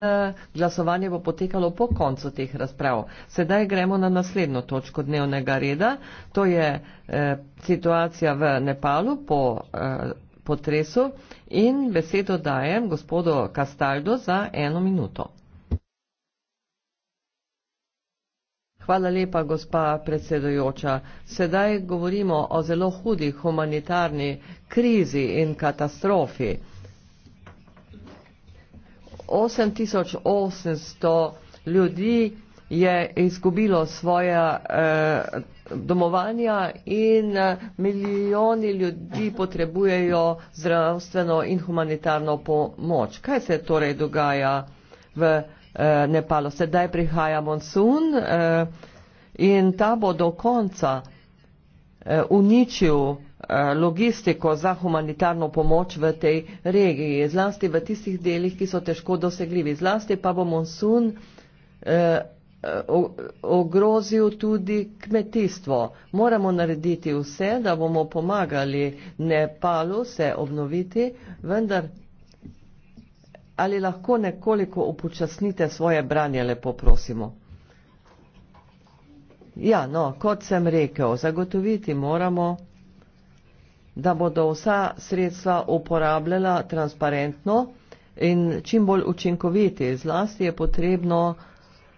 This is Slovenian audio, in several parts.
Eh, glasovanje bo potekalo po koncu teh razprav. Sedaj gremo na naslednjo točko dnevnega reda. To je eh, situacija v Nepalu po eh, potresu in besedo dajem gospodu Kastaldo za eno minuto. Hvala lepa, gospa predsedojoča. Sedaj govorimo o zelo hudi humanitarni krizi in katastrofi. 8800 ljudi je izgubilo svoje eh, domovanja in eh, milijoni ljudi potrebujejo zdravstveno in humanitarno pomoč. Kaj se torej dogaja v eh, Nepalu? Sedaj prihaja monsun eh, in ta bo do konca eh, uničil Eh, logistiko za humanitarno pomoč v tej regiji, zlasti v tistih delih, ki so težko dosegljivi. Zlasti pa bo monsun eh, ogrozil tudi kmetijstvo. Moramo narediti vse, da bomo pomagali Nepalu se obnoviti, vendar ali lahko nekoliko upočasnite svoje branje, lepo prosimo. Ja, no, kot sem rekel, zagotoviti moramo da bodo vsa sredstva uporabljala transparentno in čim bolj učinkoviti. Zlasti je potrebno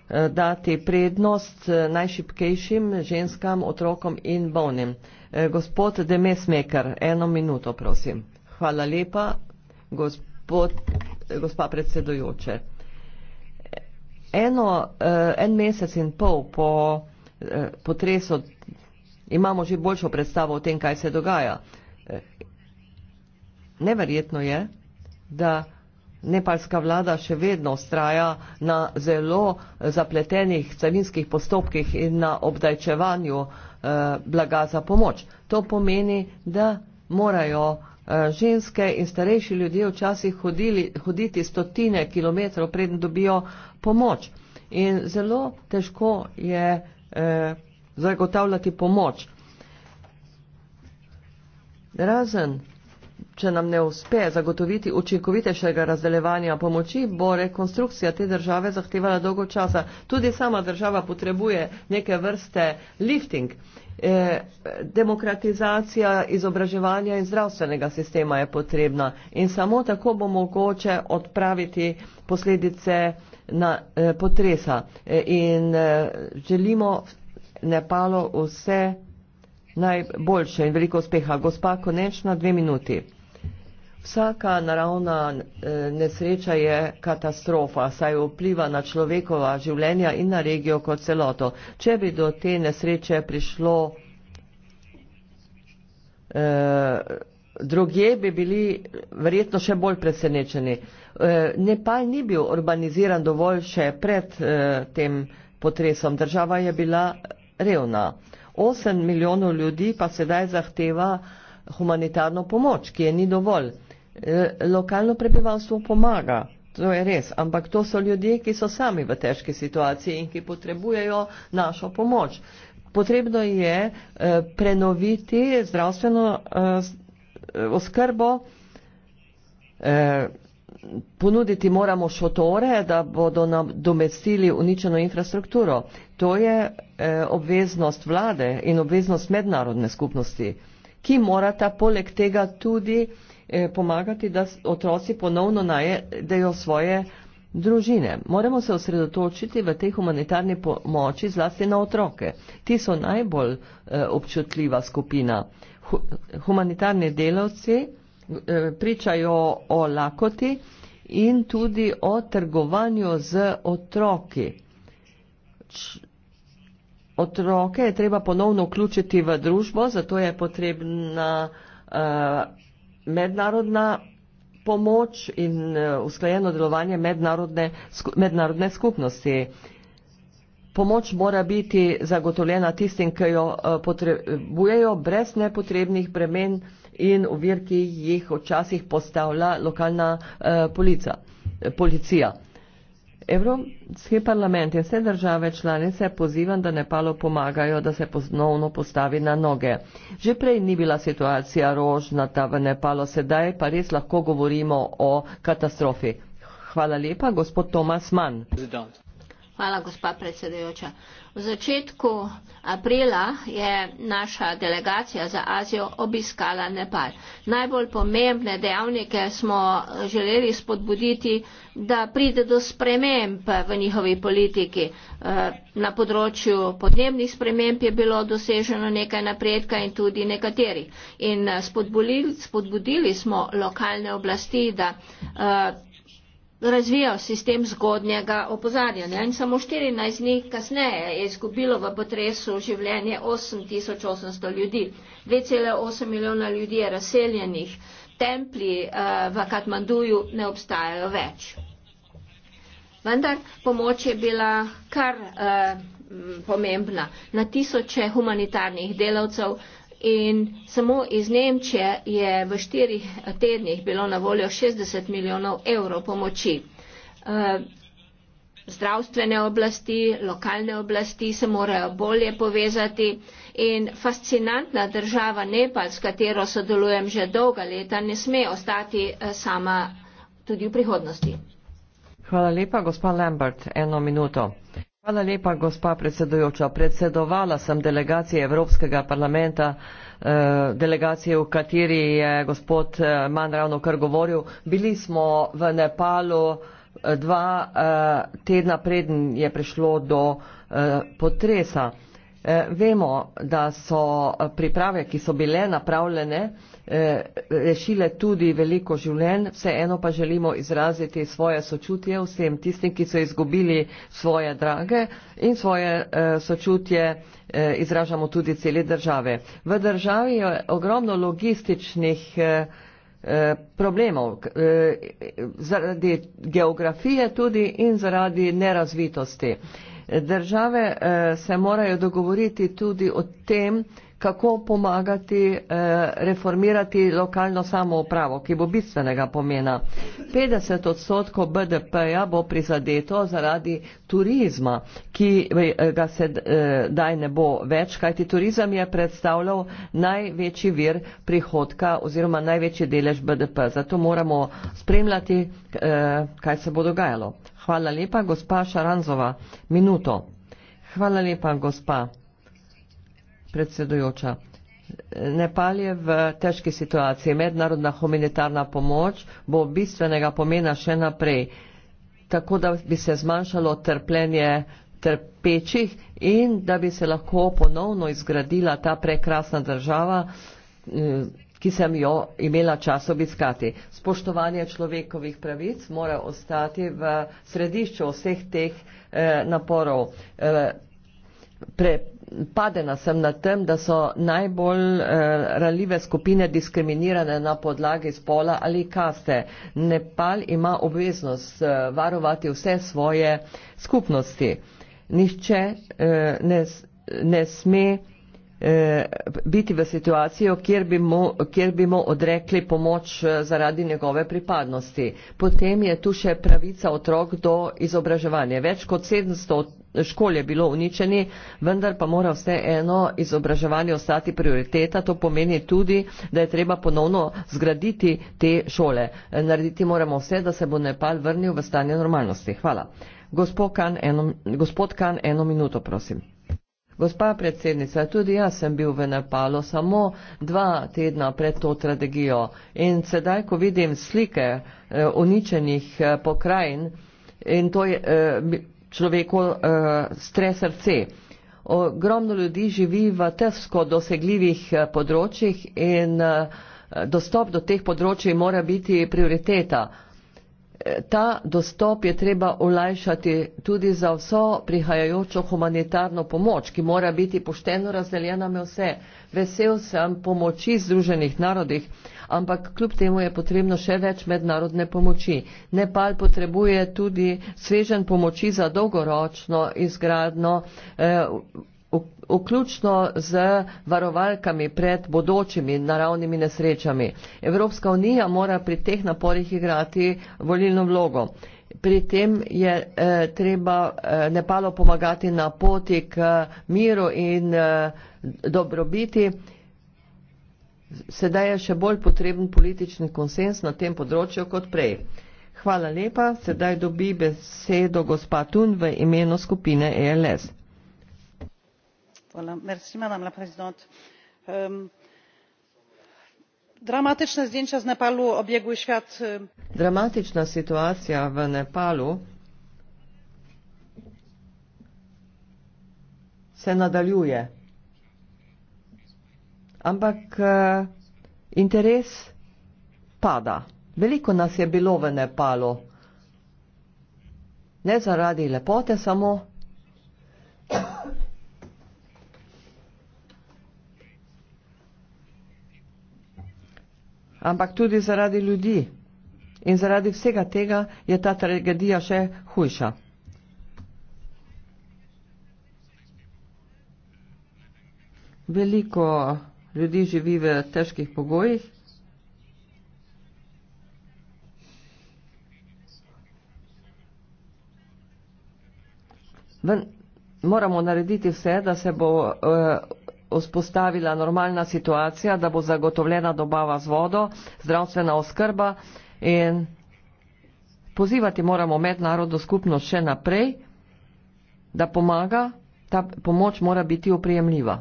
eh, dati prednost eh, najšipkejšim ženskam, otrokom in bolnim. Eh, gospod Demesmeker, eno minuto prosim. Hvala lepa, gospod, gospa predsedujoče. Eno, en mesec in pol po potresu imamo že boljšo predstavo o tem, kaj se dogaja. Neverjetno je, da nepalska vlada še vedno ustraja na zelo zapletenih carinskih postopkih in na obdajčevanju eh, blaga za pomoč. To pomeni, da morajo eh, ženske in starejši ljudje včasih hodili, hoditi stotine kilometrov, preden dobijo pomoč. In zelo težko je eh, zagotavljati pomoč. Razen če nam ne uspe zagotoviti učinkovitejšega razdeljevanja pomoči, bo rekonstrukcija te države zahtevala dolgo časa. Tudi sama država potrebuje neke vrste lifting. E, demokratizacija izobraževanja in zdravstvenega sistema je potrebna in samo tako bo mogoče odpraviti posledice na, eh, potresa. E, in eh, želimo Nepalu vse najboljše in veliko uspeha. Gospa Konečna, dve minuti. Vsaka naravna e, nesreča je katastrofa, saj vpliva na človekova življenja in na regijo kot celoto. Če bi do te nesreče prišlo eh, drugje, bi bili verjetno še bolj presenečeni. Eh, Nepal ni bil urbaniziran dovolj še pred eh, tem potresom. Država je bila revna. Eh, 8 milijonov ljudi pa sedaj zahteva humanitarno pomoč, ki je ni dovolj. E, lokalno prebivalstvo pomaga, to je res, ampak to so ljudje, ki so sami v težki situaciji in ki potrebujejo našo pomoč. Potrebno je e, prenoviti zdravstveno e, oskrbo, ponuditi moramo šotore, da bodo nam domestili uničeno infrastrukturo. To je eh, obveznost vlade in obveznost mednarodne skupnosti, ki morata poleg tega tudi eh, pomagati, da otroci ponovno najdejo svoje družine. Moramo se osredotočiti v tej humanitarni pomoči zlasti na otroke. Ti so najbolj eh, občutljiva skupina. Humanitarni delavci, Eh, pričajo o lakoti in tudi o trgovanju z otroki. Otroke je treba ponovno vključiti v družbo, zato je potrebna eh, mednarodna pomoč in eh, usklajeno delovanje mednarodne, mednarodne skupnosti. Pomoč mora biti zagotovljena tistim, ki jo eh, potrebujejo, brez nepotrebnih bremen in uvir, ki jih včasih postavlja lokalna eh, polica, policija. Evropski parlament in vse države članice pozivam, da Nepalu pomagajo, da se ponovno postavi na noge. Že prej ni bila situacija rožnata v Nepalu, sedaj pa res lahko govorimo o katastrofi. Hvala lepa, gospod Tomas Mann. President. Hvala, gospa predsedujoča. V začetku aprila je naša delegacija za Azijo obiskala Nepal. Najbolj pomembne dejavnike smo želeli spodbuditi, da pride do sprememb v njihovi politiki. Eh, na področju podnebnih sprememb je bilo doseženo nekaj napredka in tudi nekateri. In spodbudili, spodbudili smo lokalne oblasti, da eh, razvijal sistem zgodnjega opozarjanja in samo 14 dni kasneje je izgubilo v potresu življenje 8800 ljudi. 2,8 milijona ljudi je razseljenih, templji eh, v Katmanduju ne obstajajo več. Vendar pomoč je bila kar eh, pomembna. Na tisoče humanitarnih delavcev in samo iz Nemčije je v štirih tednih bilo na voljo 60 milijonov evrov pomoči. Eh, zdravstvene oblasti, lokalne oblasti se morajo bolje povezati in fascinantna država Nepal, s katero sodelujem že dolga leta, ne sme ostati eh, sama tudi v prihodnosti. Hvala lepa, gospod Lambert. Eno minuto. Hvala lepa, gospa predsedujoča. Predsedovala sem delegaciji Evropskega parlamenta, eh, delegaciji, v kateri je gospod eh, Man ravno kar govoril. Bili smo v Nepalu eh, dva tedna preden je prišlo do potresa. Eh, vemo, da so priprave, ki so bile napravljene, eh, rešile tudi veliko življenj, vseeno pa želimo izraziti svoje sočutje vsem tistim, ki so izgubili svoje drage in svoje eh, sočutje izražamo tudi cele države. V državi je ogromno logističnih problemov zaradi geografije tudi in zaradi nerazvitosti. Države eh, se morajo dogovoriti tudi o tem, kako pomagati eh, reformirati lokalno samoupravo, ki bo bistvenega pomena. 50 odstotkov BDP-ja bo prizadeto zaradi turizma, ki eh, ga se daj ne bo več, kajti turizem je predstavljal največji vir prihodka oziroma največji delež BDP. Zato moramo spremljati, kaj se bo dogajalo. Hvala lepa, gospa Šaranzova. Minuto. Hvala lepa, gospa predsedujoča. Nepal je v težki situaciji. Mednarodna humanitarna pomoč bo bistvenega pomena še naprej, tako da bi se zmanjšalo trpljenje trpečih in da bi se lahko ponovno izgradila ta prekrasna država eh, ki sem jo imela čas obiskati. Spoštovanje človekovih pravic mora ostati v središču vseh teh eh, naporov. Eh, Padena sem na tem, da so najbolj eh, ranljive skupine diskriminirane na podlagi spola ali kaste. Nepal ima obveznost eh, varovati vse svoje skupnosti. Nihče eh, ne, ne sme eh, E, biti v situacijo, kjer bi, mu, kjer bi mu odrekli pomoč e, zaradi njegove pripadnosti. Potem je tu še pravica otrok do izobraževanja. Več kot 700 škol je bilo uničeni, vendar pa mora vse eno izobraževanje ostati prioriteta. To pomeni tudi, da je treba ponovno zgraditi te šole. Narediti moramo vse, da se bo Nepal vrnil v stanje normalnosti. Hvala. Gospod Kan, eno, gospod kan, eno minuto, prosim. Gospa predsednica, tudi jaz sem bil v Nepalu samo dva tedna pred to strategijo in sedaj, ko vidim slike eh, uničenih eh, pokrajin in to je eh, človeku eh, stres srce. Ogromno ljudi živi v težko dosegljivih eh, področjih in eh, dostop do teh področji mora biti prioriteta ta dostop je treba olajšati tudi za vso prihajajočo humanitarno pomoč, ki mora biti pošteno razdeljena med vse. Vesel sem pomoči Združenih narodih, ampak kljub temu je potrebno še več mednarodne pomoči. Nepal potrebuje tudi svežen pomoči za dolgoročno izgradno. Eh, vključno z varovalkami pred bodočimi naravnimi nesrečami. Evropska unija mora pri teh naporih igrati volilno vlogo. Pri tem je eh, treba eh, Nepalu pomagati na poti k eh, miru in eh, dobrobiti. Sedaj je še bolj potreben politični konsens na tem področju kot prej. Hvala lepa. Sedaj dobi besedo gospa Tun v imenu skupine ELS madame la présidente um, dramatyczne zdjęcia z nepalu obiegły świat um, dramatyczna sytuacja w nepalu se nadaljuje ampak uh, interes pada veliko nas je bilo v nepalu ne zaradi lepote samo ampak tudi zaradi ljudi. In zaradi vsega tega je ta tragedija še hujša. Veliko ljudi živi v težkih pogojih. Ven, moramo narediti vse, da se bo uh, vzpostavila normalna situacija, da bo zagotovljena dobava z vodo, zdravstvena oskrba in pozivati moramo mednarodno skupnost še naprej, da pomaga, ta pomoč mora biti oprijemljiva.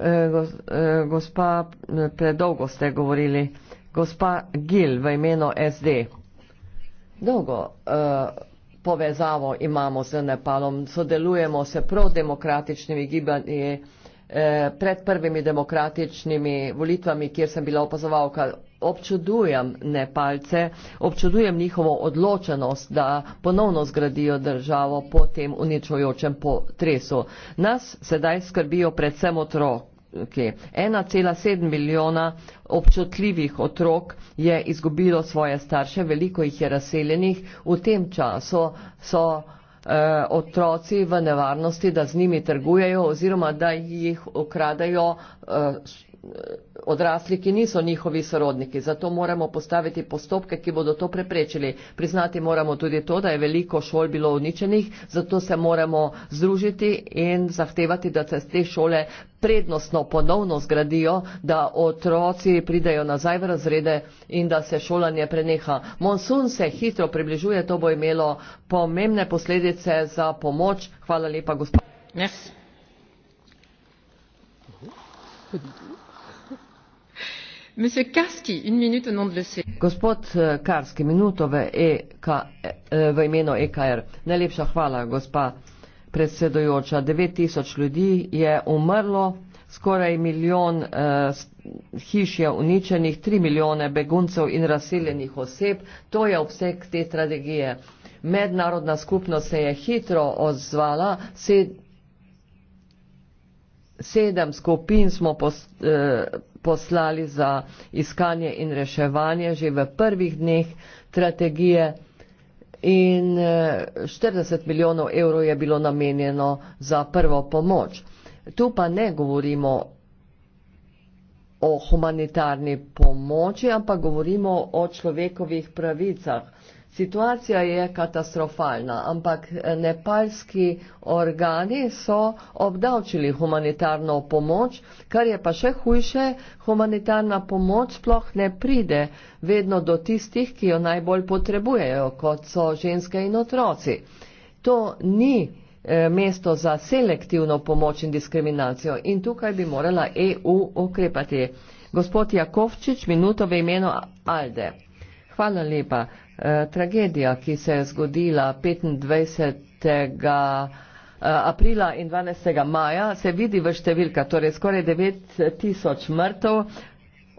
E, e, gospa, e, predolgo ste govorili. Gospa Gil v imenu SD dolgo uh, povezavo imamo z Nepalom, sodelujemo se prav demokratičnimi gibanji, uh, eh, pred prvimi demokratičnimi volitvami, kjer sem bila opazovalka, občudujem Nepalce, občudujem njihovo odločenost, da ponovno zgradijo državo po tem uničujočem potresu. Nas sedaj skrbijo predvsem otrok. 1,7 milijona občutljivih otrok je izgubilo svoje starše, veliko jih je razseljenih. V tem času so eh, otroci v nevarnosti, da z njimi trgujejo oziroma da jih ukradajo. Eh, odrasli, ki niso njihovi sorodniki. Zato moramo postaviti postopke, ki bodo to preprečili. Priznati moramo tudi to, da je veliko šol bilo uničenih, zato se moramo združiti in zahtevati, da se te šole prednostno ponovno zgradijo, da otroci pridejo nazaj v razrede in da se šolanje preneha. Monsun se hitro približuje, to bo imelo pomembne posledice za pomoč. Hvala lepa, gospod. Yes. Gospod eh, Karski, minuto v, EK, eh, v imenu EKR. Najlepša hvala, gospa predsedojoča. 9000 ljudi je umrlo, skoraj milijon eh, hiš je uničenih, 3 milijone beguncev in razseljenih oseb. To je obseg te strategije. Mednarodna skupnost se je hitro odzvala. Sed, sedem skupin smo postavili. Eh, poslali za iskanje in reševanje že v prvih dneh strategije. In 40 eh, milijonov evrov je bilo namenjeno za prvo pomoč. Tu pa ne govorimo o humanitarni pomoči, ampak govorimo o človekovih pravicah. Uh, Situacija je katastrofalna, ampak eh, nepalski organi so obdavčili humanitarno pomoč, kar je pa še hujše, humanitarna pomoč sploh ne pride vedno do tistih, ki jo najbolj potrebujejo, kot so ženske in otroci. To ni eh, mesto za selektivno pomoč in diskriminacijo in tukaj bi morala EU ukrepati. Gospod Jakovčič, minuto v imenu Alde. Hvala lepa. Eh, tragedija, ki se je zgodila 25. Eh, aprila in 12. maja, se vidi v številka, torej skoraj 9 tisoč mrtv,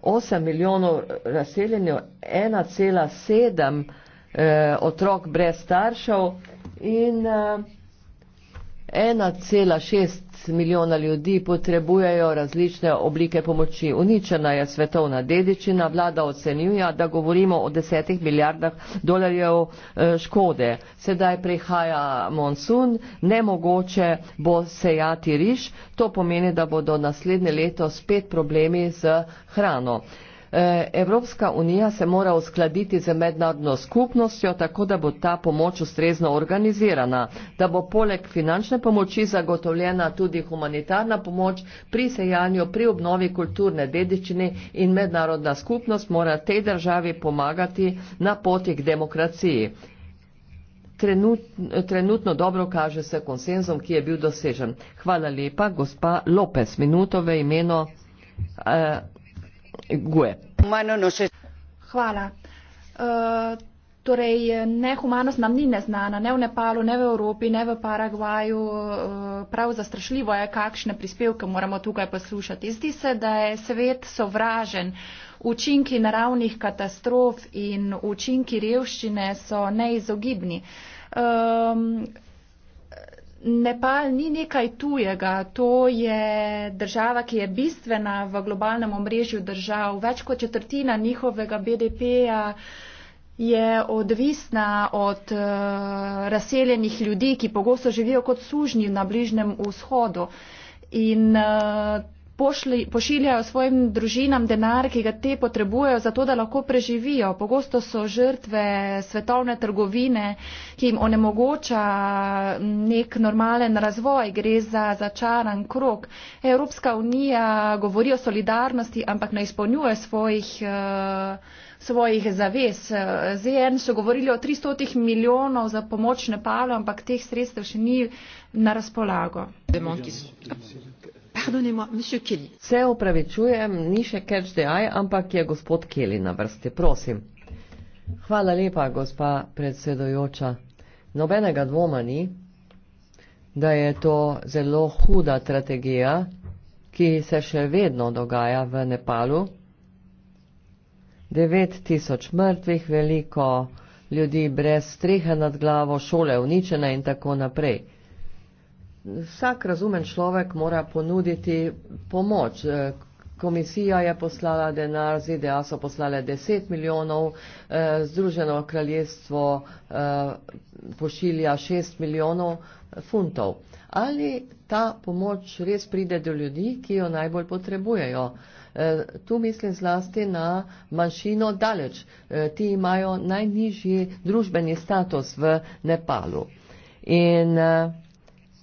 8 milijonov razseljenjev, 1,7 eh, otrok brez staršev in 1,6 milijona ljudi potrebujejo različne oblike pomoči. Uničena je svetovna dedičina, vlada ocenjuje, da govorimo o desetih milijardah dolarjev eh, škode. Sedaj prihaja monsun, nemogoče bo sejati riš, to pomeni, da bodo naslednje leto spet problemi z hrano. Eh, Evropska unija se mora uskladiti z mednarodno skupnostjo, tako da bo ta pomoč ustrezno organizirana, da bo poleg finančne pomoči zagotovljena tudi humanitarna pomoč pri sejanju, pri obnovi kulturne dediščine in mednarodna skupnost mora tej državi pomagati na poti k demokraciji. Trenutno, trenutno dobro kaže se konsenzom, ki je bil dosežen. Hvala lepa, gospa Lopes, minutove imeno eh, Gue. No eh, torej, nehumanost nam ni neznana, ne v Nepalu, ne v Evropi, ne v Paragvaju. Eh, prav zastrašljivo je, kakšne prispevke moramo tukaj poslušati. Zdi se, da je svet sovražen. Učinki naravnih katastrof in učinki revščine so neizogibni. Eh, Nepal ni nekaj tujega, to je država, ki je bistvena v globalnem omrežju držav. Več kot četrtina njihovega BDP-ja je odvisna od uh, razseljenih ljudi, ki pogosto živijo kot sužnji na Bližnjem vzhodu. In uh, pošli, pošiljajo svojim družinam denar, ki ga te potrebujejo, zato da lahko preživijo. Pogosto so žrtve svetovne trgovine, ki jim onemogoča nek normalen razvoj, gre za začaran krok. Evropska unija govori o solidarnosti, ampak ne izpolnjuje svojih. Uh, svojih zavez. ZN e so govorili o 300 milijonov za pomoč Nepalu, ampak teh sredstev še ni na razpolago. Demonkis. Se opravičujem, ni še catch the eye, ampak je gospod Kelly na vrsti, prosim. Hvala lepa, gospa predsedojoča. Nobenega dvoma ni, da je to zelo huda strategija, ki se še vedno dogaja v Nepalu. 9000 mrtvih, veliko ljudi brez strehe nad glavo, šole uničene in tako naprej vsak razumen človek mora ponuditi pomoč. Eh, komisija je poslala denar, ZDA so poslale 10 milijonov, eh, Združeno kraljestvo eh, pošilja 6 milijonov funtov. Ali ta pomoč res pride do ljudi, ki jo najbolj potrebujejo? Tu mislim zlasti na manjšino daleč. Ti imajo najnižji družbeni status v Nepalu. In uh,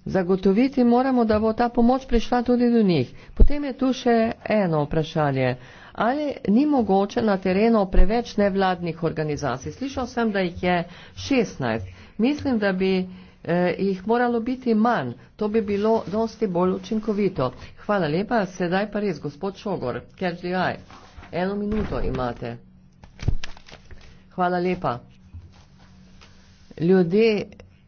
Zagotoviti moramo, da bo ta pomoč prišla tudi do njih. Potem je tu še eno vprašanje. Ali ni mogoče na terenu preveč nevladnih organizacij? Slišal sem, da jih je 16. Mislim, da bi eh, jih moralo biti manj. To bi bilo dosti bolj učinkovito. Hvala lepa. Sedaj pa res, gospod Šogor, ker že aj. Eno minuto imate. Hvala lepa. Ljudje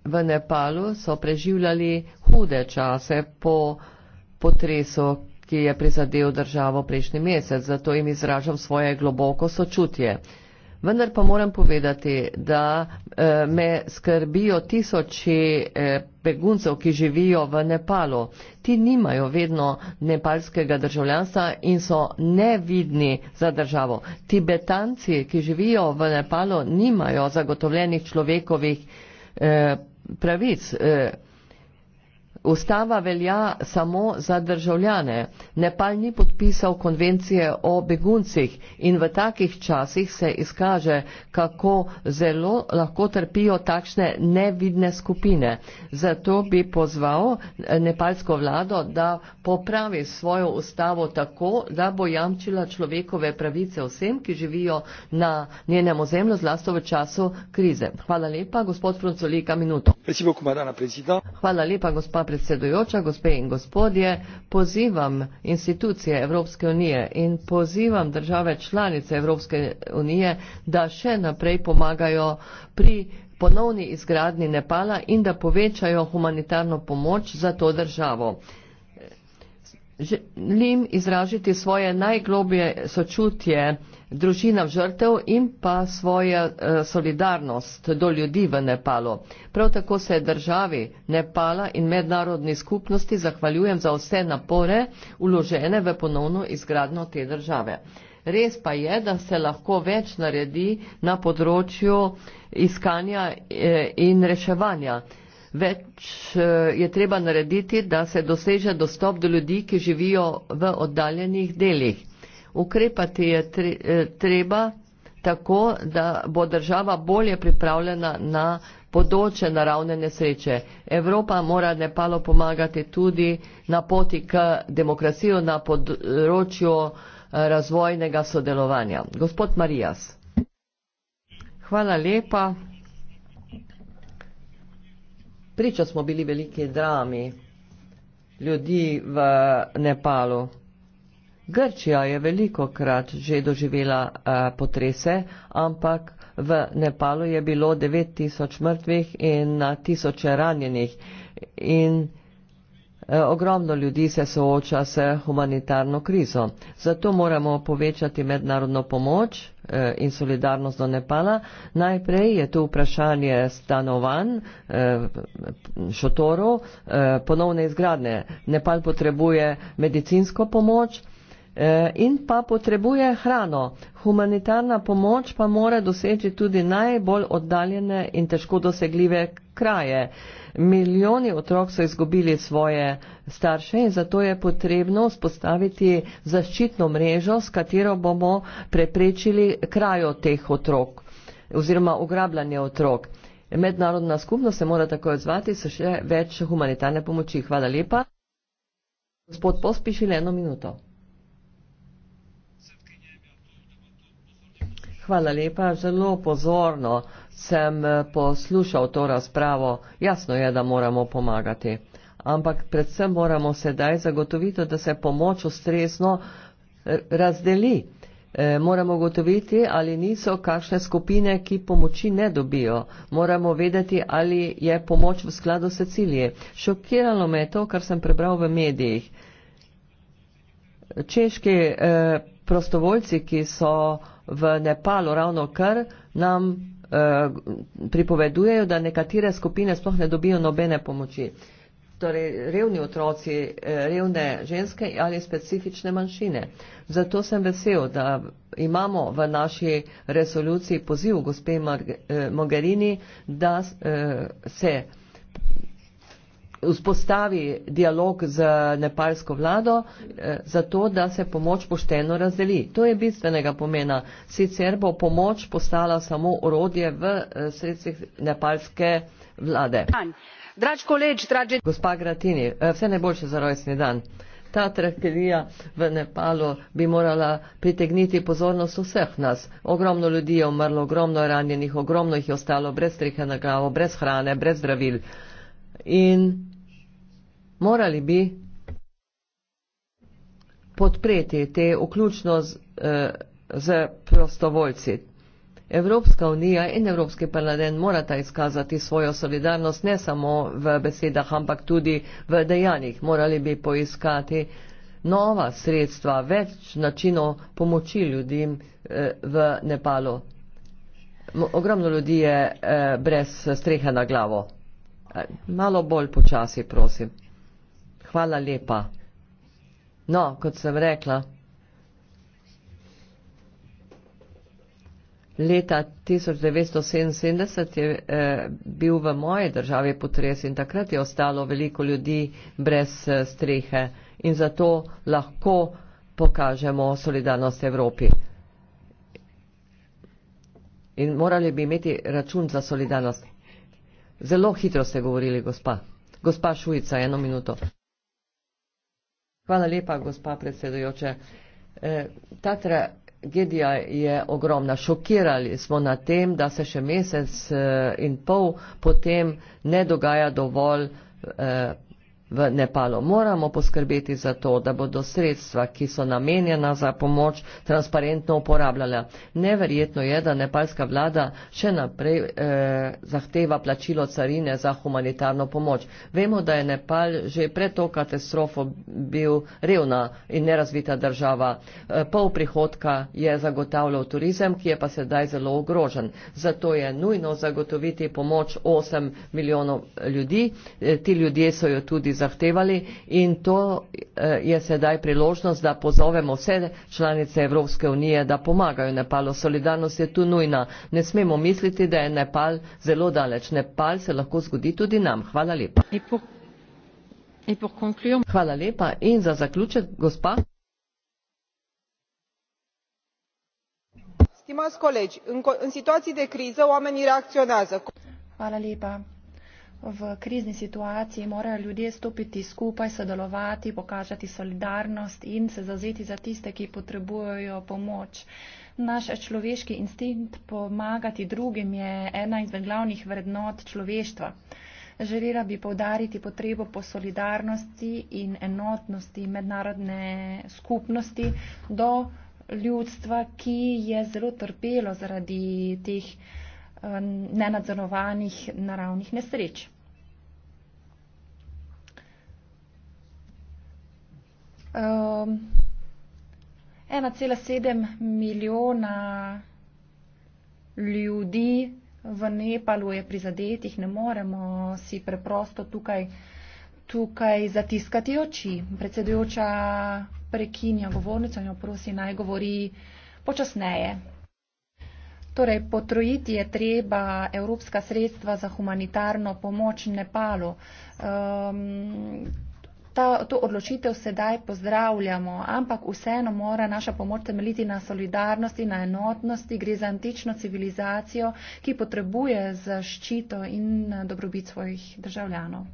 v Nepalu so preživljali hude čase po potresu, ki je prizadel državo prejšnji mesec, zato jim izražam svoje globoko sočutje. Vendar pa moram povedati, da eh, me skrbijo tisoči eh, beguncev, ki živijo v Nepalu. Ti nimajo vedno nepalskega državljanstva in so nevidni za državo. Tibetanci, ki živijo v Nepalu, nimajo zagotovljenih človekovih eh, pravic, eh, ustava velja samo za državljane. Nepal ni podpisal konvencije o beguncih in v takih časih se izkaže, kako zelo lahko trpijo takšne nevidne skupine. Zato bi pozval nepalsko vlado, da popravi svojo ustavo tako, da bo jamčila človekove pravice vsem, ki živijo na njenem ozemlju, zlasti v času krize. Hvala lepa, gospod Francolika, minuto. Hvala lepa, gospod predsedujoča, gospe in gospodje, pozivam institucije Evropske unije in pozivam države članice Evropske unije, da še naprej pomagajo pri ponovni izgradnji Nepala in da povečajo humanitarno pomoč za to državo. Želim izražiti svoje najgloblje sočutje družinam žrtev in pa svojo eh, solidarnost do ljudi v Nepalu. Prav tako se državi Nepala in mednarodni skupnosti zahvaljujem za vse napore uložene v ponovno izgradno te države. Res pa je, da se lahko več naredi na področju iskanja eh, in reševanja. Več eh, je treba narediti, da se doseže dostop do ljudi, ki živijo v oddaljenih delih. Ukrepati je eh, treba tako, da bo država bolje pripravljena na podoče naravne nesreče. Evropa mora Nepalu pomagati tudi na poti k demokraciji na področju eh, razvojnega sodelovanja. Gospod Marijas. Hvala lepa priča smo bili veliki drami ljudi v Nepalu. Grčija je veliko krat že doživela uh, potrese, ampak v Nepalu je bilo 9000 mrtvih in na tisoče ranjenih. In eh, Ogromno ljudi se sooča s humanitarno krizo. Zato moramo povečati mednarodno pomoč Eh, in solidarnost do Nepala. Najprej je tu vprašanje stanovanj, eh, šotorov, eh, ponovne izgradne. Nepal potrebuje medicinsko pomoč in pa potrebuje hrano. Humanitarna pomoč pa mora doseči tudi najbolj oddaljene in težko dosegljive kraje. Milijoni otrok so izgubili svoje starše in zato je potrebno spostaviti zaščitno mrežo, s katero bomo preprečili krajo teh otrok oziroma ugrabljanje otrok. Mednarodna skupnost se mora tako odzvati, so še več humanitarne pomoči. Hvala lepa. Gospod Pospišil, eno minuto. Hvala lepa, zelo pozorno sem eh, poslušal to razpravo, jasno je, da moramo pomagati. Ampak predvsem moramo sedaj zagotoviti, da se pomoč ustrezno eh, razdeli. E, moramo gotoviti, ali niso kakšne skupine, ki pomoči ne dobijo. Moramo vedeti, ali je pomoč v skladu s cilji. Šokiralo me je to, kar sem prebral v medijih. Češki e, prostovoljci, ki so v Nepalu ravno kar, nam Eh, pripovedujejo, da nekatere skupine sploh ne dobijo nobene pomoči. Torej, revni otroci, eh, revne ženske ali specifične manjšine. Zato sem vesel, da imamo v naši resoluciji poziv gospe eh, Mogherini, da se. Eh, vzpostavi dialog z nepalsko vlado, eh, zato da se pomoč pošteno razdeli. To je bistvenega pomena. Sicer bo pomoč postala samo urodje v eh, sredstvih nepalske vlade. Draž koleč, draž... Gospa Gratini, eh, vse najboljše za rojstni dan. Ta tragedija v Nepalu bi morala pritegniti pozornost vseh nas. Ogromno ljudi je umrlo, ogromno je ranjenih, ogromno jih je ostalo brez strehe na glavo, brez hrane, brez zdravil. In morali bi podpreti te vključno z, eh, z prostovoljci. Evropska unija in Evropski parlament morata izkazati svojo solidarnost ne samo v besedah, ampak tudi v dejanjih. Morali bi poiskati nova sredstva, več načinov pomoči ljudem eh, v Nepalu. Ogromno ljudi je eh, brez strehe na glavo. Malo bolj počasi, prosim. Hvala lepa. No, kot sem rekla, leta 1977 je eh, bil v moji državi potres in takrat je ostalo veliko ljudi brez eh, strehe in zato lahko pokažemo solidarnost Evropi. In morali bi imeti račun za solidarnost. Zelo hitro ste govorili, gospa. Gospa Šujica, eno minuto. Hvala lepa, gospa predsedujoča. E, ta tragedija je ogromna. Šokirali smo na tem, da se še mesec e, in pol potem ne dogaja dovolj e, v Nepalu. Moramo poskrbeti za to, da bodo sredstva, ki so namenjena za pomoč, transparentno uporabljala. Neverjetno je, da nepalska vlada še naprej eh, zahteva plačilo carine za humanitarno pomoč. Vemo, da je Nepal že pred to katastrofo bil revna in nerazvita država. Eh, pol prihodka je zagotavljal turizem, ki je pa sedaj zelo ogrožen. Zato je nujno zagotoviti pomoč 8 milijonov ljudi. Eh, ti ljudje so jo tudi zagotovili zahtevali in to eh, je sedaj priložnost, da pozovemo vse članice Evropske unije, da pomagajo Nepalu. Solidarnost je tu nujna. Ne smemo misliti, da je Nepal zelo daleč. Nepal se lahko zgodi tudi nam. Hvala lepa. Hvala lepa in za zaključek, gospa. Stimas kolegi, v situaciji de kriza, ljudje reakcionajo. Hvala lepa v krizni situaciji morajo ljudje stopiti skupaj, sodelovati, pokažati solidarnost in se zazeti za tiste, ki potrebujejo pomoč. Naš človeški instinkt pomagati drugim je ena izmed glavnih vrednot človeštva. Želela bi povdariti potrebo po solidarnosti in enotnosti mednarodne skupnosti do ljudstva, ki je zelo trpelo zaradi teh eh, nenadzorovanih naravnih nesreč. Um, ehm, 1,7 milijona ljudi v Nepalu je prizadetih, ne moremo si preprosto tukaj, tukaj zatiskati oči. Predsedujoča prekinja govornico in jo prosi naj govori počasneje. Torej, potrojiti je treba evropska sredstva za humanitarno pomoč Nepalu. Um, ta, to odločitev sedaj pozdravljamo, ampak vseeno mora naša pomoč temeljiti na solidarnosti, na enotnosti. Gre za antično civilizacijo, ki potrebuje zaščito in eh, dobrobit svojih državljanov.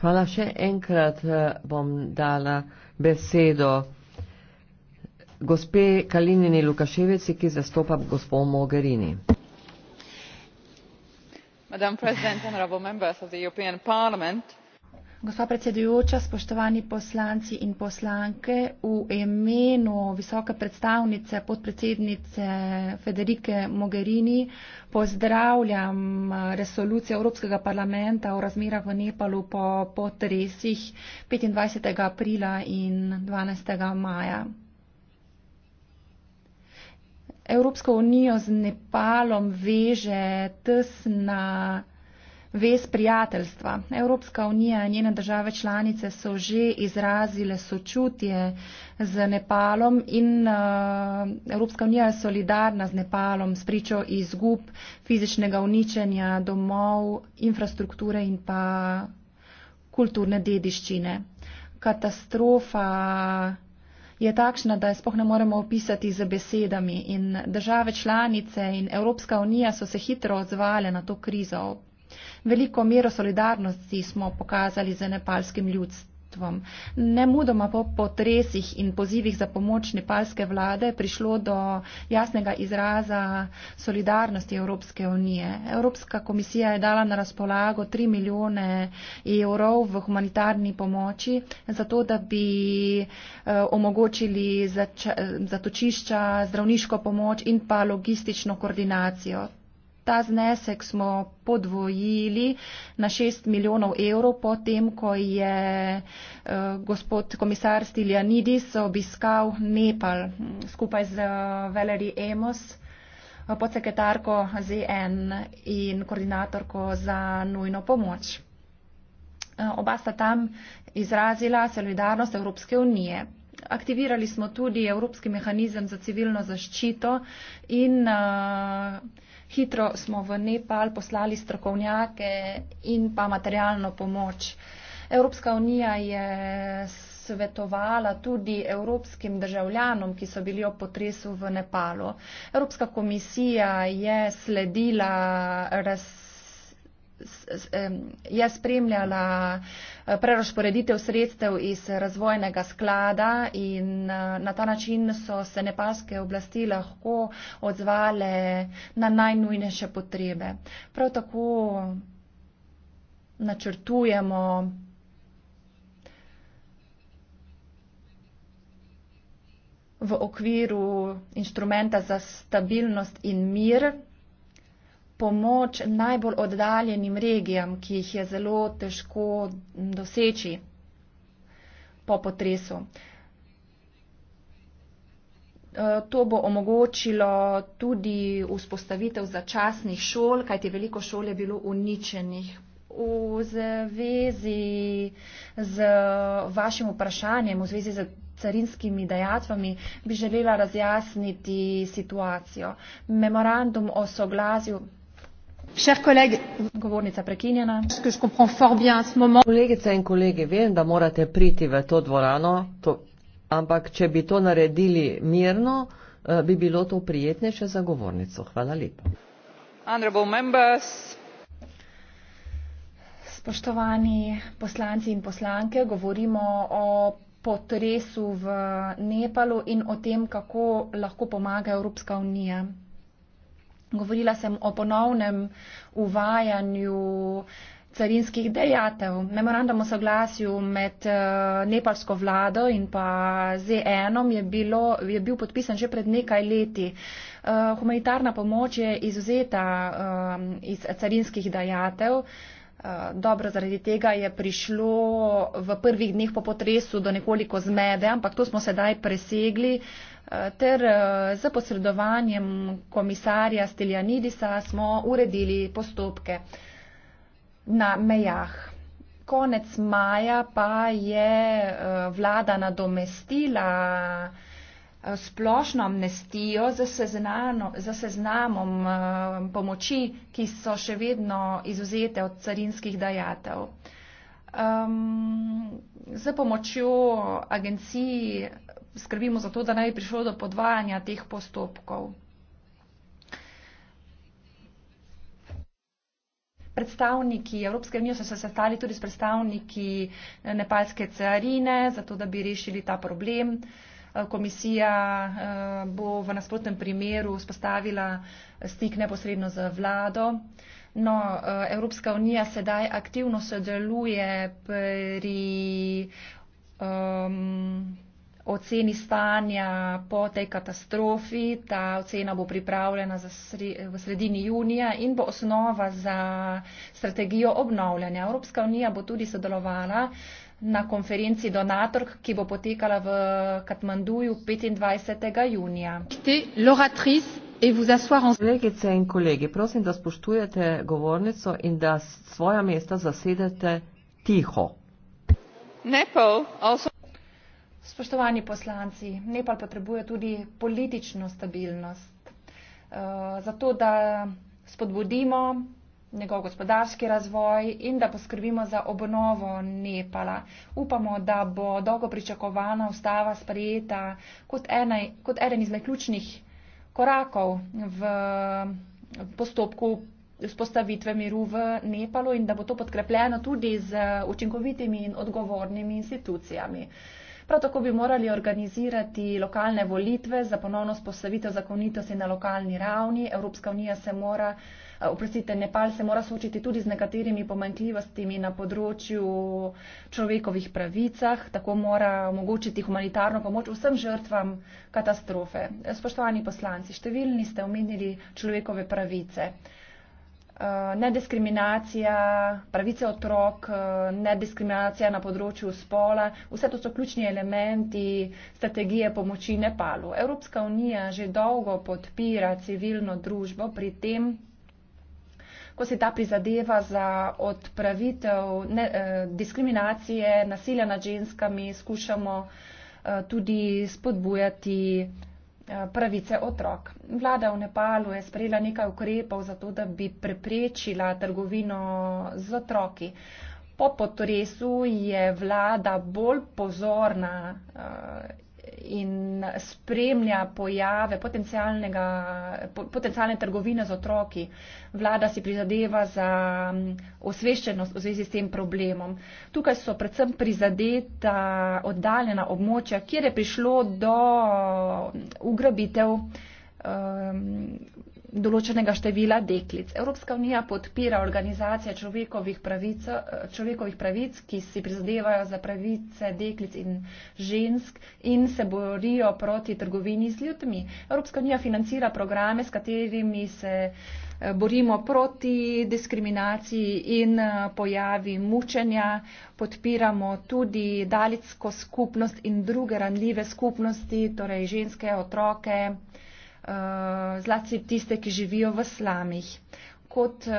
Hvala še enkrat eh, bom dala besedo gospe Kalinini Lukaševici, ki zastopa gospod Mogherini. Madam President, Honorable Members of the European Parliament, Gospa predsedujoča, spoštovani poslanci in poslanke, v imenu visoke predstavnice podpredsednice Federike Mogherini pozdravljam resolucijo Evropskega parlamenta o razmerah v Nepalu po potresih 25. aprila in 12. maja. Evropsko unijo z Nepalom veže tesna vez prijateljstva. Evropska unija in njene države članice so že izrazile sočutje z Nepalom in uh, Evropska unija je solidarna z Nepalom, spričo izgub fizičnega uničenja domov, infrastrukture in pa kulturne dediščine. Katastrofa je takšna, da je spoh ne moremo opisati z besedami in države članice in Evropska unija so se hitro odzvale na to krizo ob Veliko mero solidarnosti smo pokazali z nepalskim ljudstvom. Nemudoma po potresih in pozivih za pomoč nepalske vlade prišlo do jasnega izraza solidarnosti Evropske unije. Evropska komisija je dala na razpolago 3 milijone evrov v humanitarni pomoči, zato da bi eh, omogočili zatočišča, zdravniško pomoč in pa logistično koordinacijo. Ta znesek smo podvojili na 6 milijonov evrov, potem ko je eh, gospod komisar Stiljanidis obiskal Nepal skupaj z eh, Valerie Amos, eh, podsekretarko ZN in koordinatorko za nujno pomoč. Oba sta tam izrazila solidarnost Evropske unije. Aktivirali smo tudi Evropski mehanizem za civilno zaščito in uh, Hitro smo v Nepal poslali strokovnjake in pa materialno pomoč. Evropska unija je svetovala tudi evropskim državljanom, ki so bili ob potresu v Nepalu. Evropska komisija je sledila res je spremljala eh, prerošporeditev sredstev iz razvojnega sklada in eh, na ta način so se nepalske oblasti lahko odzvale na najnujnejše potrebe. Prav tako načrtujemo v okviru inštrumenta za stabilnost in mir pomoč najbolj oddaljenim regijam, ki jih je zelo težko doseči po potresu. E, to bo omogočilo tudi vzpostavitev začasnih šol, kajti veliko šol je bilo uničenih. V zvezi z vašim vprašanjem, v zvezi z carinskimi dejatvami, bi želela razjasniti situacijo. Memorandum o soglasju kolegice in kolegi vem da morate priti v to dvorano to, ampak če bi to naredili mirno eh, bi bilo to prijetnejše za govornico hvala lepa spoštovani poslanci in poslanke govorimo o potresu v Nepalu in o tem, kako lahko pomaga Evropska unija. Govorila sem o ponovnem uvajanju carinskih dejatev, memorandum o soglasju med eh, nepalsko vlado in pa ZN-om je, je bil podpisan že pred nekaj leti. Eh, humanitarna pomoč je izuzeta eh, iz carinskih dejatev. Eh, dobro, zaradi tega je prišlo v prvih dneh po potresu do nekoliko zmede, ampak to smo sedaj presegli. Eh, ter z eh, posredovanjem komisarja Steljanidisa smo uredili postopke na mejah. Konec maja pa je vlada nadomestila Eh, splošno amnestijo za, seznano, za seznamom eh, pomoči, ki so še vedno izuzete od carinskih dajatev. Um, za pomočjo agenciji skrbimo za to, da naj bi prišlo do podvajanja teh postopkov. Predstavniki Evropske unije so se sestali tudi s predstavniki eh, nepalske carine, zato da bi rešili ta problem. Uh, komisija eh, bo v nasprotnem primeru spostavila stik neposredno z vlado. No, eh, Evropska unija sedaj aktivno sodeluje pri um, oceni stanja po tej katastrofi. Ta ocena bo pripravljena sredi, v sredini junija in bo osnova za strategijo obnavljanja. Evropska unija bo tudi sodelovala uh, na konferenci Donator, ki bo potekala v Katmanduju 25. junija. Et vous asseoir en... Kolegice in kolegi, prosim, da spoštujete govornico in da svoja mesta zasedete tiho. Nepal, also... Spoštovani poslanci, Nepal potrebuje tudi politično stabilnost. Uh, zato, da spodbudimo njegov gospodarski razvoj in da poskrbimo za obnovo Nepala. Upamo, da bo dolgo pričakovana ustava sprejeta kot, ena, kot eden izmed ključnih korakov v postopku vzpostavitve miru v Nepalu in da bo to podkrepljeno tudi z učinkovitimi in odgovornimi institucijami. Prav tako bi morali organizirati lokalne volitve za ponovno spostavitev zakonitosti na lokalni ravni. Evropska unija se mora Eh, oprostite, Nepal se mora soočiti tudi z nekaterimi pomankljivostimi na področju človekovih pravicah, tako mora omogočiti humanitarno pomoč vsem žrtvam katastrofe. Eh, spoštovani poslanci, številni ste omenili človekove pravice. Eh, nediskriminacija, pravice otrok, nediskriminacija na področju spola, vse to so ključni elementi strategije pomoči Nepalu. Evropska unija že dolgo podpira civilno družbo pri tem, ko si ta prizadeva za odpravitev ne, eh, diskriminacije, nasilja nad ženskami, skušamo eh, tudi spodbujati eh, pravice otrok. Vlada v Nepalu je sprejela nekaj ukrepov za to, da bi preprečila trgovino z otroki. Po potresu je vlada bolj pozorna eh, in spremlja pojave potencialnega, po, potencialne trgovine z otroki. Vlada si prizadeva za osveščenost v zvezi s tem problemom. Tukaj so predvsem prizadeta oddaljena območja, kjer je prišlo do ugrabitev. Um, določenega števila deklic. Evropska unija podpira organizacije človekovih pravic, človekovih pravic, ki si prizadevajo za pravice deklic in žensk in se borijo proti trgovini z ljudmi. Evropska unija financira programe, s katerimi se eh, borimo proti diskriminaciji in eh, pojavi mučenja. Podpiramo tudi dalitsko skupnost in druge ranljive skupnosti, torej ženske, otroke. Eh, zlasti tiste, ki živijo v slamih. Kot eh,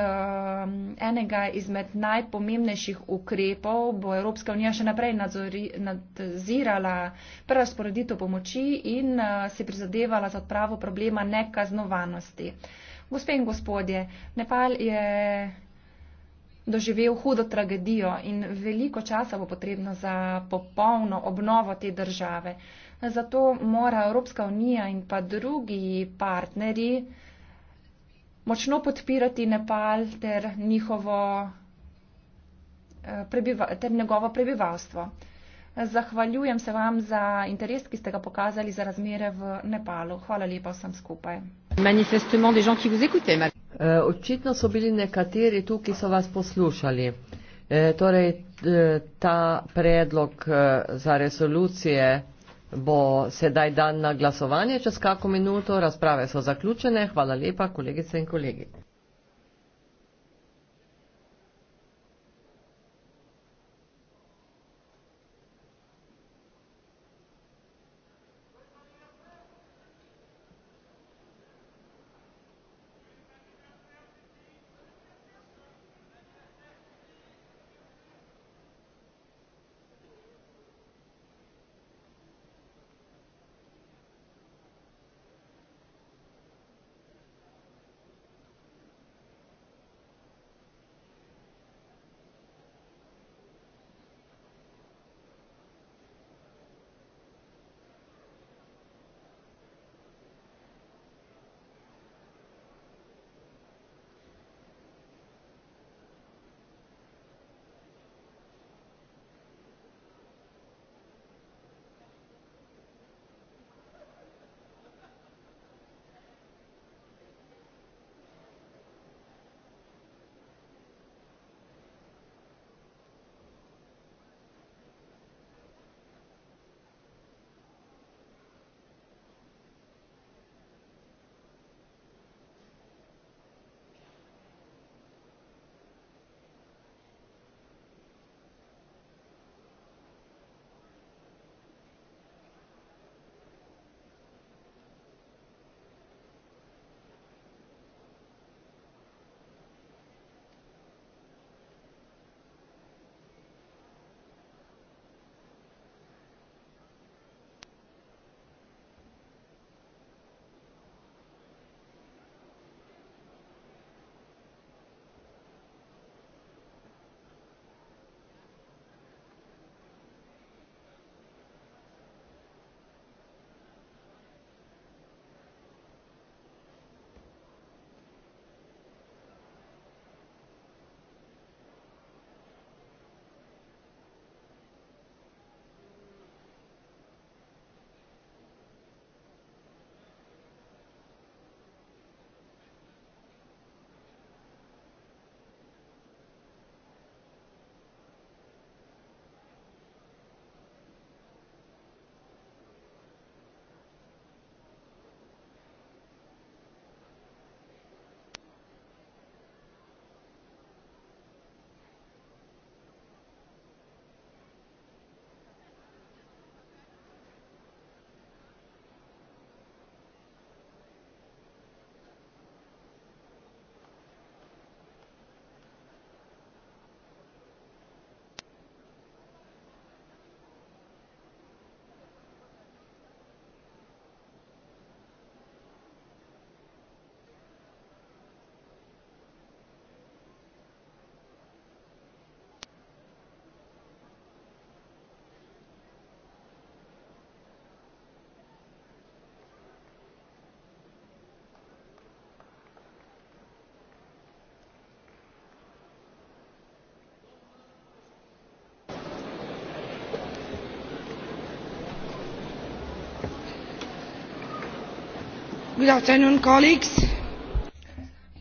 enega izmed najpomembnejših ukrepov bo Evropska unija še naprej nadzori, nadzirala prerasporeditev pomoči in eh, si prizadevala za odpravo problema nekaznovanosti. Gospe in gospodje, Nepal je doživel hudo tragedijo in veliko časa bo potrebno za popolno obnovo te države. Uh, Zato mora Evropska unija in pa drugi partnerji močno podpirati Nepal ter, njihovo, eh, prebiva, ter njegovo prebivalstvo. Zahvaljujem se vam za interes, ki ste ga pokazali za razmere v Nepalu. Hvala lepa vsem skupaj. Eh, očitno so bili nekateri tu, ki so vas poslušali. Eh, torej, ta predlog za resolucije bo sedaj dan na glasovanje čez kako minuto. Razprave so zaključene. Hvala lepa, kolegice in kolegi.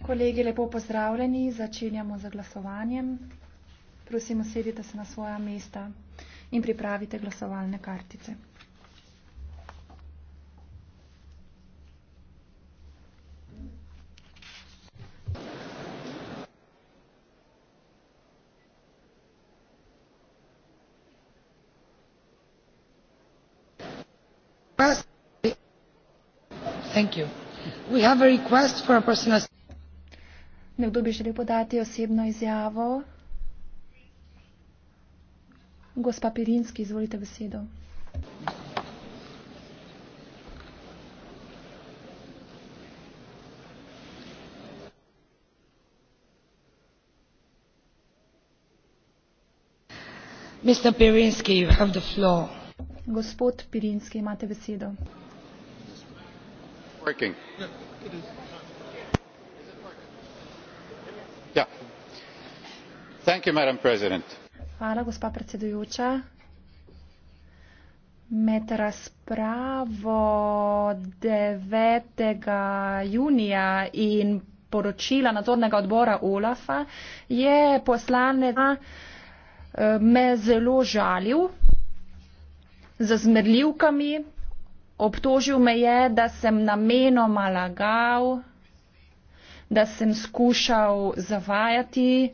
Kolegi, lepo pozdravljeni. Začenjamo z glasovanjem. Prosim, usedite se na svoja mesta in pripravite glasovalne kartice. nekdo bi želel podati osebno izjavo gospa Pirinski izvolite besedo Mr. Pirinski, you have the floor. Gospod Pirinski, imate besedo working. Hvala, gospa predsedujoča. Med razpravo 9. junija in poročila nadzornega odbora OLAFA je poslanec eh, me zelo žalil z zmerljivkami, Obtožil me je, da sem namenoma lagal, da sem skušal zavajati,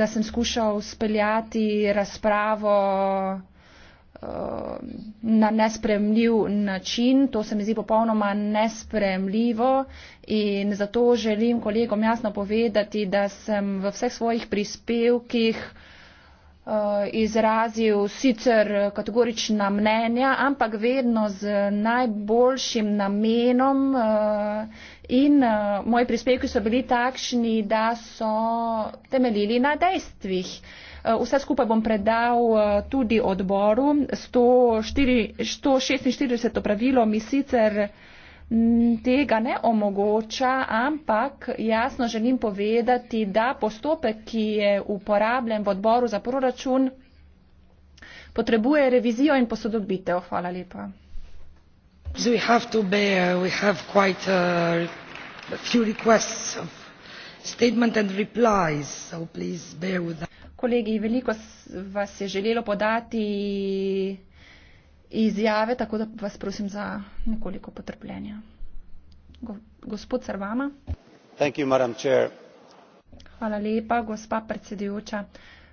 da sem skušal speljati razpravo eh, na nespremljiv način. To se mi zdi popolnoma nespremljivo in zato želim kolegom jasno povedati, da sem v vseh svojih prispevkih uh, Eh, izrazil sicer kategorična mnenja, ampak vedno z najboljšim namenom eh, in eh, moji prispevki so bili takšni, da so temeljili na dejstvih. Vse skupaj bom predal tudi odboru. 104, 146 pravilo mi sicer Mm, tega ne omogoča, ampak jasno želim povedati, da postopek, ki je uporabljen v odboru za proračun, potrebuje revizijo in posodobitev. Hvala lepa. Kolegi, veliko vas je želelo podati izjave, tako da vas prosim za nekoliko potrpljenja. Go, gospod Sarvama. You, Hvala lepa, gospa predsedujoča.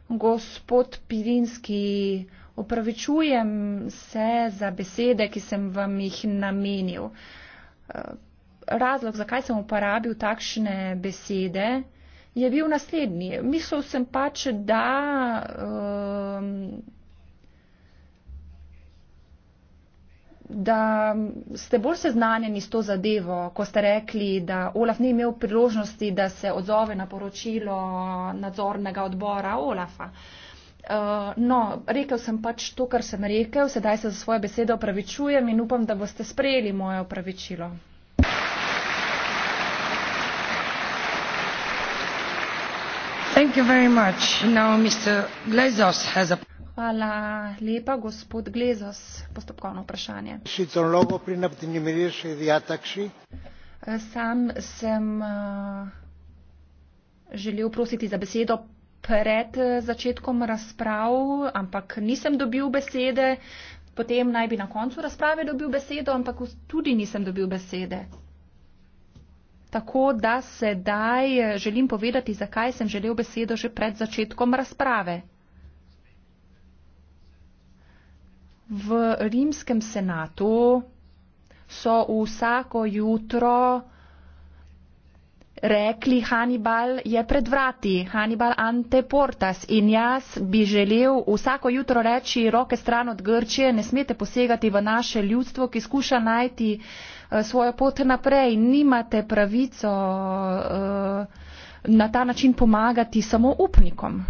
Gospod Pirinski, opravičujem se za besede, ki sem vam jih namenil. Eh, razlog, zakaj sem uporabil takšne besede, je bil naslednji. Mislil sem pač, da. Um, da ste bolj seznanjeni s to zadevo, ko ste rekli, da Olaf ni imel priložnosti, da se odzove na poročilo nadzornega odbora Olafa. Eh, no, rekel sem pač to, kar sem rekel, sedaj se za svoje besede opravičujem in upam, da boste sprejeli moje opravičilo. Thank you very much. Now Mr. Glezos has a... Hvala lepa, gospod Glezos, postopkovno vprašanje. Sam sem eh, želel prositi za besedo pred eh, začetkom razprav, ampak nisem dobil besede. Potem naj bi na koncu razprave dobil besedo, ampak tudi nisem dobil besede. Tako da sedaj eh, želim povedati, zakaj sem želel besedo že pred začetkom razprave. V rimskem senatu so vsako jutro rekli Hannibal je pred vrati, Hannibal ante portas in jaz bi želel vsako jutro reči roke stran od Grčije, ne smete posegati v naše ljudstvo, ki skuša najti eh, svojo pot naprej, nimate pravico eh, na ta način pomagati samo upnikom.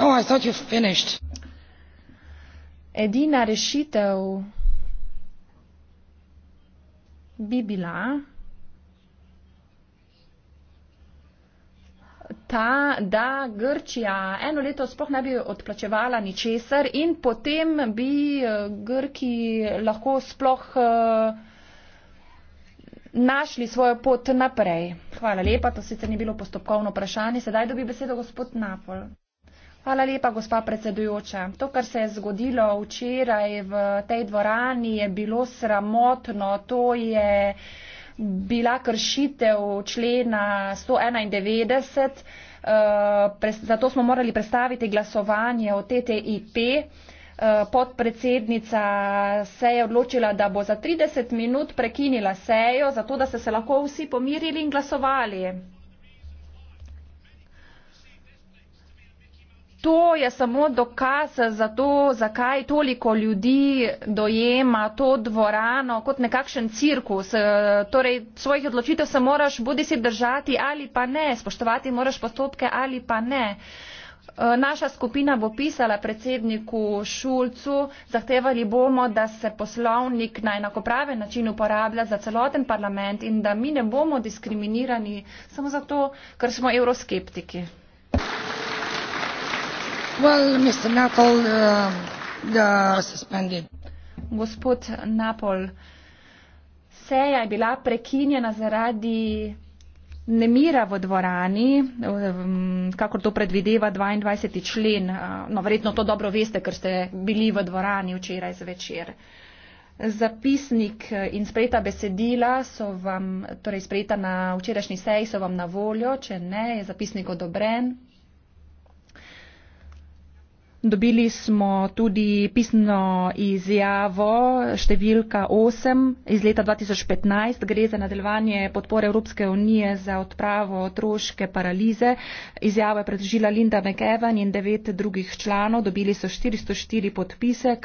Oh, edina rešitev bi bila ta, da Grčija eno leto sploh ne bi odplačevala ničesar in potem bi eh, Grki lahko sploh uh, našli svojo pot naprej. Hvala lepa, to sicer ni bilo postopkovno vprašanje. Sedaj dobi besedo gospod Napol. Hvala lepa, gospa predsedujoča. To, kar se je zgodilo včeraj v tej dvorani, je bilo sramotno. To je bila kršitev člena 191, eh, zato smo morali predstaviti glasovanje o TTIP. Eh, podpredsednica se je odločila, da bo za 30 minut prekinila sejo, zato da ste se lahko vsi pomirili in glasovali. To je samo dokaz za to, zakaj toliko ljudi dojema to dvorano kot nekakšen cirkus. Eh, torej, svojih odločitev se moraš bodi si držati ali pa ne, spoštovati moraš postopke ali pa ne. Uh, Eh, naša skupina bo pisala predsedniku Šulcu, zahtevali bomo, da se poslovnik na enakoprave način uporablja za celoten parlament in da mi ne bomo diskriminirani samo zato, ker smo euroskeptiki. Well, Mr. Napol, uh, Gospod Napol, seja je bila prekinjena zaradi nemira v dvorani, um, kakor to predvideva 22. člen, uh, no verjetno to dobro veste, ker ste bili v dvorani včeraj zvečer. Zapisnik uh, in sprejeta besedila so vam, torej sprejeta na včerajšnji seji, so vam na voljo, če ne, je zapisnik odobren, Dobili smo tudi pisno izjavo številka 8 iz leta 2015. Gre za nadaljevanje podpore Evropske unije za odpravo otroške paralize. Izjavo je predložila Linda McEwan in devet drugih članov. Dobili so 404 podpisek.